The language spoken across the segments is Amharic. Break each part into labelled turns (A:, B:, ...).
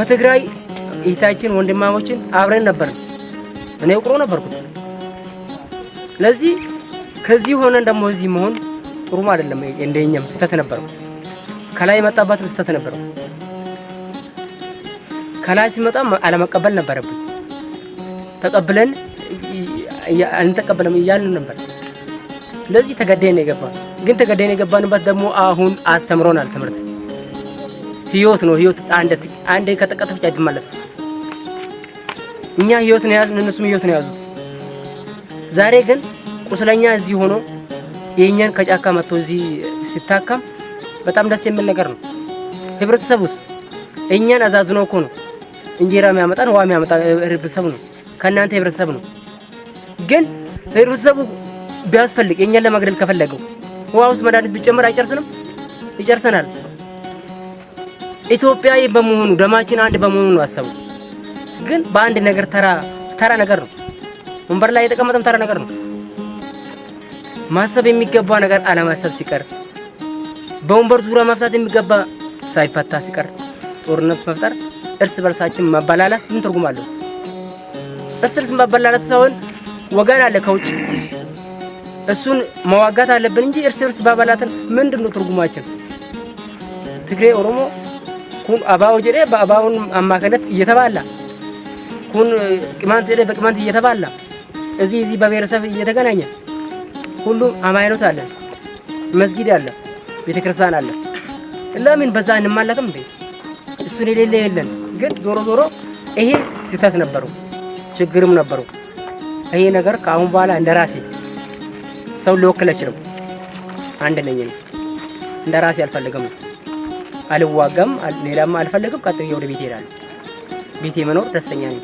A: ከትግራይ እህታችን ወንድማሞችን አብረን ነበር። እኔ ቁሮ ነበርኩት። ስለዚህ ከዚህ ሆነን ደግሞ እዚህ መሆን ጥሩም አይደለም። እንደኛም ስህተት ነበረው። ከላይ የመጣባትም ስህተት ነበረው። ከላይ ሲመጣ አለመቀበል ነበረብን። ተቀብለን አንተቀበለም እያልን ነበር። ስለዚህ ተገደን የገባ ግን ተገደን የገባንበት ደግሞ አሁን አስተምሮናል ትምህርት ህይወት ነው። ህይወት አንድ ከተቀጠፈች አይመለስ። እኛ ህይወት ነው የያዝን፣ እነሱም ህይወት ነው የያዙት። ዛሬ ግን ቁስለኛ እዚህ ሆኖ የእኛን ከጫካ መጥቶ እዚህ ሲታከም በጣም ደስ የሚል ነገር ነው። ህብረተሰቡስ እኛን አዛዝኖ እኮ ነው እንጀራ የሚያመጣን ውሃ የሚያመጣ ህብረተሰቡ ነው፣ ከእናንተ ህብረተሰብ ነው። ግን ህብረተሰቡ ቢያስፈልግ የእኛን ለማግደል ከፈለገው ውሃ ውስጥ መድኃኒት ቢጨምር አይጨርስንም? ይጨርሰናል። ኢትዮጵያዊ በመሆኑ ደማችን አንድ በመሆኑ ነው አሰቡ። ግን በአንድ ነገር ተራ ተራ ነገር ነው። ወንበር ላይ የተቀመጠም ተራ ነገር ነው። ማሰብ የሚገባ ነገር አለማሰብ ሲቀር፣ በወንበር ዙሪያ መፍታት የሚገባ ሳይፈታ ሲቀር፣ ጦርነት መፍጠር፣ እርስ በርሳችን መበላላት ምን ትርጉም አለው? እርስ ማባላላት መበላላት ሳይሆን ወገን አለ ከውጭ እሱን መዋጋት አለብን እንጂ እርስ በርስ ባባላትን ምንድን ነው ትርጉማችን? ትግሬ ኦሮሞ ኩን አባው ጀሬ በአባውን አማካይነት እየተባላ ኩን ቅማንት ጀሬ በቅማንት እየተባላ እዚህ እዚህ በብሔረሰብ እየተገናኘ ሁሉም አማይኖት አለ፣ መስጊድ አለ፣ ቤተክርስቲያን አለ። ለምን በዛ እንማለክም እንዴ? እሱን የሌለ የለን። ግን ዞሮ ዞሮ ይሄ ስህተት ነበሩ፣ ችግርም ነበሩ። ይሄ ነገር ከአሁን በኋላ እንደ ራሴ ሰው ሊወክል አይችልም። አንድ ነኝ እንደ ራሴ አልፈልግም ነው አልዋጋም፣ ሌላም አልፈለግም። ቀጥ ወደ ቤቴ ሄዳለሁ። ቤቴ መኖር ደስተኛ ነኝ።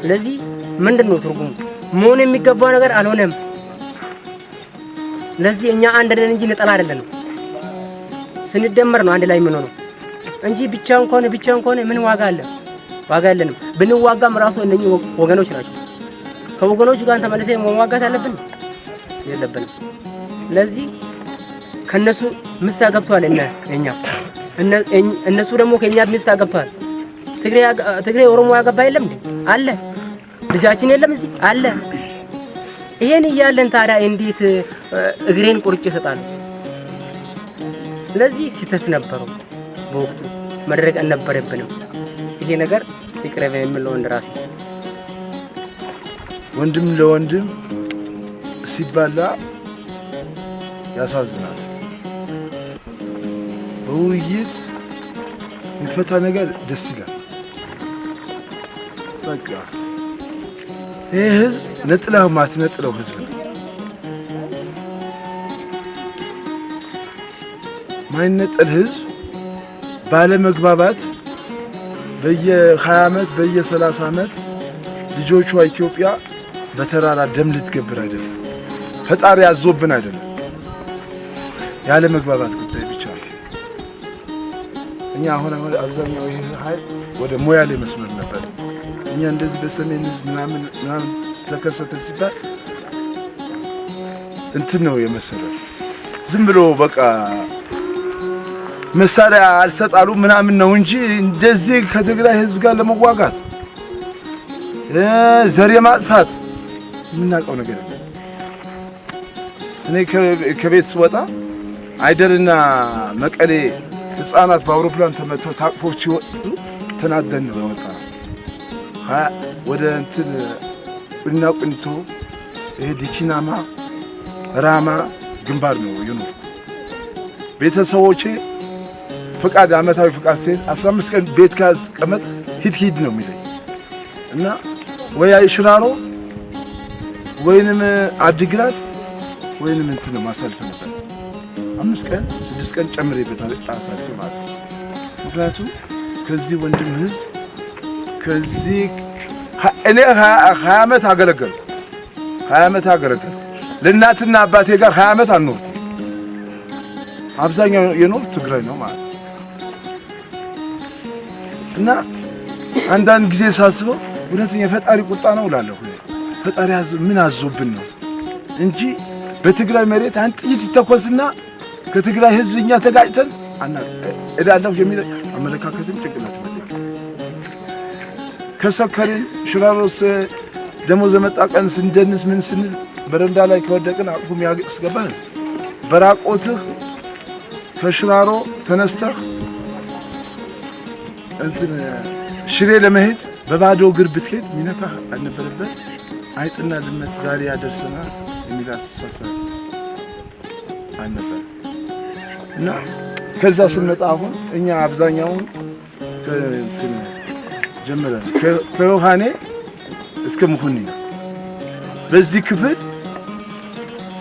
A: ስለዚህ ምንድን ነው ትርጉሙ? መሆን የሚገባው ነገር አልሆነም። ለዚህ እኛ አንድ ነን እንጂ ነጠላ አይደለንም። ስንደመር ነው አንድ ላይ የምንሆነው እንጂ ብቻ እንኳን ብቻ እንኳን ምን ዋጋ አለ? ዋጋ የለንም። ብንዋጋም ራሱ እነኚህ ወገኖች ናቸው። ከወገኖቹ ጋር ተመልሰን መዋጋት አለብን የለብንም። ለዚህ ከነሱ ሚስት አገብቷል። እነ እኛ እነሱ ደግሞ ከኛ ሚስት አገብቷል። ትግሬ ትግሬ ኦሮሞ ያገባ የለም እንዴ? አለ ልጃችን የለም እዚህ አለ። ይሄን እያለን ታዲያ እንዴት እግሬን ቁርጭ ይሰጣል? ስለዚህ ስህተት ነበረው በወቅቱ መድረግ አልነበረብንም። ይሄ ነገር ይቅረብ የምለው እንደራሴ
B: ወንድም ለወንድም ሲባላ ያሳዝናል። በውይይት የሚፈታ ነገር ደስ ይላል። በቃ ይህ ህዝብ ነጥለህ ማትነጥለው ህዝብ ነው። ማይነጠል ህዝብ ባለመግባባት በየ20 ዓመት በየ30 ዓመት ልጆቿ ኢትዮጵያ በተራራ ደም ልትገብር አይደለም። ፈጣሪ ያዞብን አይደለም። ያለ መግባባት ጉዳይ እኛ አሁን አሁን አብዛኛው ይህ ኃይል ወደ ሞያሌ መስመር ነበር። እኛ እንደዚህ በሰሜን ህዝብ ምናምን ምናምን ተከሰተ ሲባል እንትን ነው የመሰለው ዝም ብሎ በቃ መሳሪያ አልሰጣሉ ምናምን ነው እንጂ እንደዚህ ከትግራይ ህዝብ ጋር ለመዋጋት ዘር ማጥፋት የምናውቀው ነገር እኔ ከቤት ስወጣ አይደርና መቀሌ ህፃናት በአውሮፕላን ተመተው ታቅፎ ሲወጡ ተናደን ነው የወጣ ወደ እንትን ቁና ቁንቶ ይሄ ዲቺናማ ራማ ግንባር ነው የኖርኩ። ቤተሰቦቼ ፍቃድ አመታዊ ፍቃድ ሲሄድ 15 ቀን ቤት ካስቀመጥ ሂድ ሂድ ነው የሚለኝ እና ወይ አይሽራሮ ወይንም አዲግራት ወይንም እንትን ማሳልፍ ነበር። አምስት ቀን ስድስት ቀን ጨምሬበታለሁ ጣሳቸ ማለት ነው። ምክንያቱም ከዚህ ወንድም ህዝብ ከዚህ እኔ ሀያ ዓመት አገለገል ሀያ ዓመት አገለገል ለእናትና አባቴ ጋር ሀያ ዓመት አልኖርኩም። አብዛኛው የኖር ትግራይ ነው ማለት ነው እና አንዳንድ ጊዜ ሳስበው እውነተኛ የፈጣሪ ቁጣ ነው እላለሁ። ፈጣሪ ምን አዞብን ነው እንጂ በትግራይ መሬት አንድ ጥይት ይተኮስና ከትግራይ ህዝብ እኛ ተጋጭተን እዳለሁ የሚል አመለካከትን ጭንቅላት ይመጣል። ከሰከርን ሽራሮስ ደሞ ዘመጣ ቀን ስንደንስ ምን ስንል በረንዳ ላይ ከወደቅን አቅፉ ያስገባል። በራቆትህ ከሽራሮ ተነስተህ እንትን ሽሬ ለመሄድ በባዶ እግር ብትሄድ ሚነካ አልነበረበት። አይጥና ድመት ዛሬ ያደርሰናል የሚል አስተሳሰብ አልነበረ። እና ከዛ ስንመጣ አሁን እኛ አብዛኛውን ጀምረን ከዮሐኔ እስከ መሆኒ በዚህ ክፍል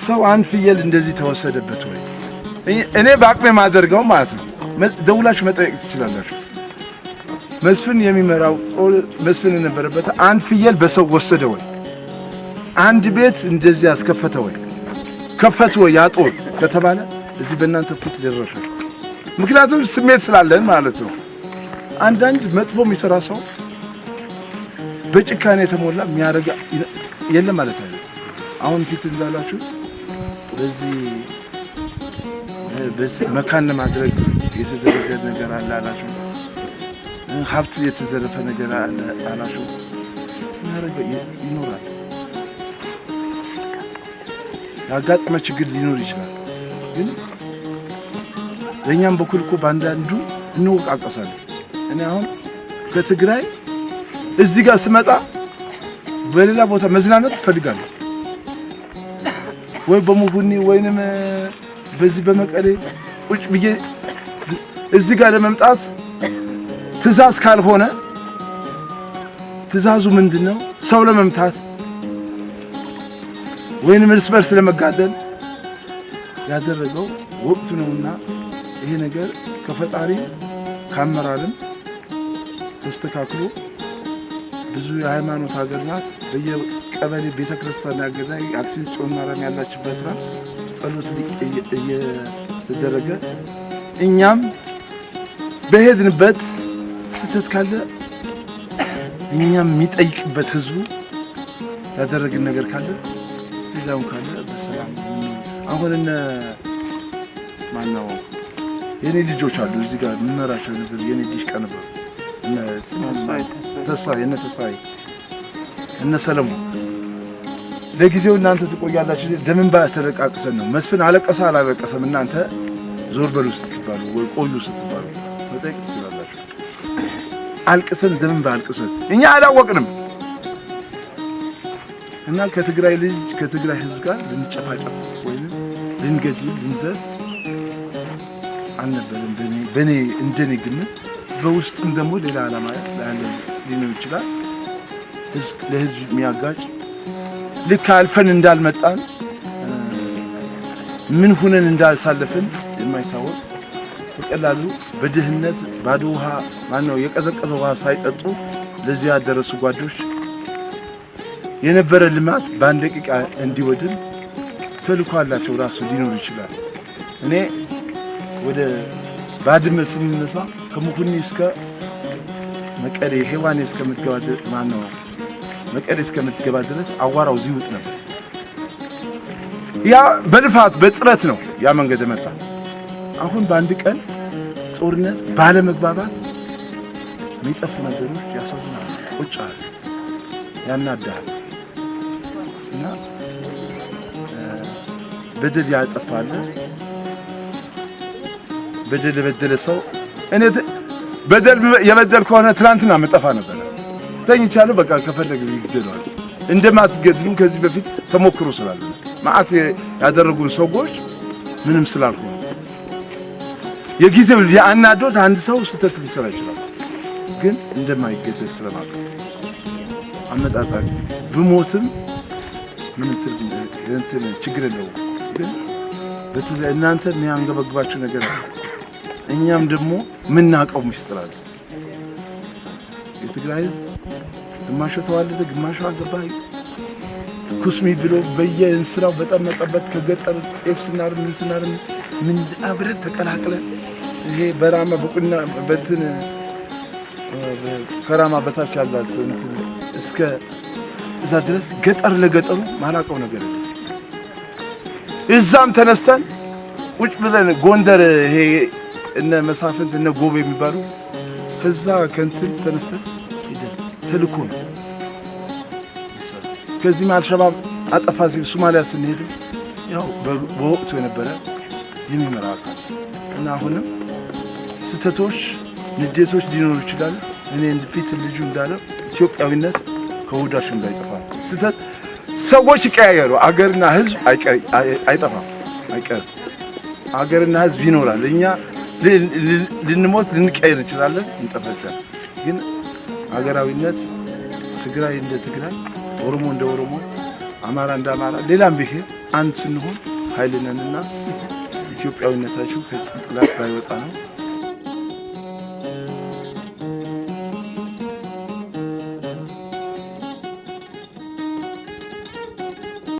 B: ሰው አንድ ፍየል እንደዚህ ተወሰደበት ወይ እኔ በአቅሜ ማደርገው ማለት ነው። ደውላችሁ መጠየቅ ትችላላችሁ። መስፍን የሚመራው ጦር መስፍን የነበረበት አንድ ፍየል በሰው ወሰደ ወይ አንድ ቤት እንደዚህ ያስከፈተ ወይ ከፈት ወይ ያ ከተባለ እዚህ በእናንተ ፊት ደረሰ። ምክንያቱም ስሜት ስላለን ማለት ነው። አንዳንድ መጥፎ የሚሰራ ሰው በጭካኔ የተሞላ የሚያደርግ የለም ማለት ነው። አሁን ፊት እንዳላችሁት በዚህ በዚህ መካን ለማድረግ የተዘረገ ነገር አለ አላችሁ፣ ሀብት የተዘረፈ ነገር አለ አላችሁ። ያደረገ ይኖራል፣ ያጋጠመ ችግር ሊኖር ይችላል። ግን በእኛም በኩል እኮ በአንዳንዱ እንወቃቀሳለን። እኔ አሁን ከትግራይ እዚህ ጋር ስመጣ በሌላ ቦታ መዝናናት ትፈልጋለሁ ወይ በሙሁኒ ወይንም በዚህ በመቀሌ ቁጭ ብዬ እዚህ ጋር ለመምጣት ትእዛዝ ካልሆነ ትእዛዙ ምንድን ነው? ሰው ለመምታት ወይንም እርስ በርስ ለመጋደል ያደረገው ወቅቱ ነውና ይሄ ነገር ከፈጣሪ ካመራርም ተስተካክሎ ብዙ የሃይማኖት ሀገር ናት። በየቀበሌ ቤተክርስቲያን ያገዳ አክሲን ጽዮን ማርያም ያላችበት ናት። ጸሎት እየተደረገ እኛም በሄድንበት ስህተት ካለ እኛም የሚጠይቅበት ህዝቡ ያደረግን ነገር ካለ ሌላውን ካለ አሁን እነ ማነው የኔ ልጆች አሉ እዚህ ጋር የምመራቸው ነበር። የኔ ልጅ ቀን ነበር ተስፋዬ፣ እነ ተስፋዬ፣ እነ ሰለሞን። ለጊዜው እናንተ ትቆያላችሁ። ደምን ባ ተለቃቅሰን ነው መስፍን አለቀሰ አላለቀሰም። እናንተ ዞር በሉ ስትባሉ ወይ ቆዩ ስትባሉ መጠየቅ ትችላላችሁ። አልቅሰን ደምን ባ አልቅሰን እኛ አላወቅንም። እና ከትግራይ ልጅ ከትግራይ ህዝብ ጋር ልንጨፋጨፍ ወይም ልንገድል ልንዘር አልነበረም። በእኔ እንደኔ ግምት በውስጥም ደግሞ ሌላ ዓላማ ያለ ሊኖር ይችላል። ለህዝብ የሚያጋጭ ልክ አልፈን እንዳልመጣን ምን ሁነን እንዳልሳለፍን የማይታወቅ በቀላሉ በድህነት ባዶ ውሃ ማነው የቀዘቀዘ ውሃ ሳይጠጡ ለዚያ ያደረሱ ጓዶች የነበረ ልማት በአንድ ደቂቃ እንዲወድም ተልኮ አላቸው ራሱ ሊኖር ይችላል። እኔ ወደ ባድመ ስንነሳ ከሙኩኒ እስከ መቀሌ ሔዋኔ እስከምትገባ ማነው መቀሌ እስከምትገባ ድረስ አዋራው ውጥ ነበር። ያ በልፋት በጥረት ነው ያ መንገድ መጣ። አሁን በአንድ ቀን ጦርነት፣ ባለመግባባት የሚጠፉ ነገሮች ያሳዝናል፣ ቁጭ ያናዳል እና በደል ያጠፋል። በደል የበደለ ሰው እኔ በደል የበደል ከሆነ ትናንትና መጠፋ ነበረ። ተኝቻለሁ በቃ ከፈለገ ይግደለዋል። እንደማትገድሉም ከዚህ በፊት ተሞክሮ ስላለ መዓት ያደረጉን ሰዎች ምንም ስላልሆነ የጊዜው የአናዶት አንድ ሰው ስህተት ሊሰራ ይችላል፣ ግን እንደማይገደል ስለማቀ አመጣጣ ብሞትም ምን ችግር የለውም። ግን እናንተ የሚያንገበግባችሁ ነገር ነው። እኛም ደግሞ የምናውቀው ሚስጥር አለ። የትግራይ ህዝብ ግማሽ ተዋለደ፣ ግማሽ አገባ ኩስሚ ብሎ በየእንስራው በጠመጠበት ከገጠር ጤፍ ስናርም ምን ስናርም ምን አብረን ተቀላቅለን ይሄ በራማ በቁና በትን ከራማ በታች ያላት እንትን እስከ እዛ ድረስ ገጠር ለገጠሩ ማላውቀው ነገር እዛም ተነስተን ቁጭ ብለን ጎንደር ይሄ እነ መሳፍንት እነ ጎበ የሚባሉ ከዛ ከንትን ተነስተን ሄደን ተልኮ ነው። ከዚህም አልሸባብ አጠፋ ሲል ሶማሊያ ስንሄድ ያው በወቅቱ የነበረ የሚመራ አካል እና አሁንም ስህተቶች፣ ንዴቶች ሊኖሩ ይችላል። እኔ ፊት ልጁ እንዳለው ኢትዮጵያዊነት ከሆዳችን እንዳይጠፋ ስህተት ሰዎች ይቀያየሩ፣ አገርና ህዝብ አይጠፋም፣ አይቀርም። አገርና ህዝብ ይኖራል። እኛ ልንሞት ልንቀየር እንችላለን፣ እንጠፈለን። ግን አገራዊነት ትግራይ እንደ ትግራይ፣ ኦሮሞ እንደ ኦሮሞ፣ አማራ እንደ አማራ፣ ሌላም ብሔር አንድ ስንሆን ኃይልነንና ኢትዮጵያዊነታችሁ ከጭንቅላት ባይወጣ ነው።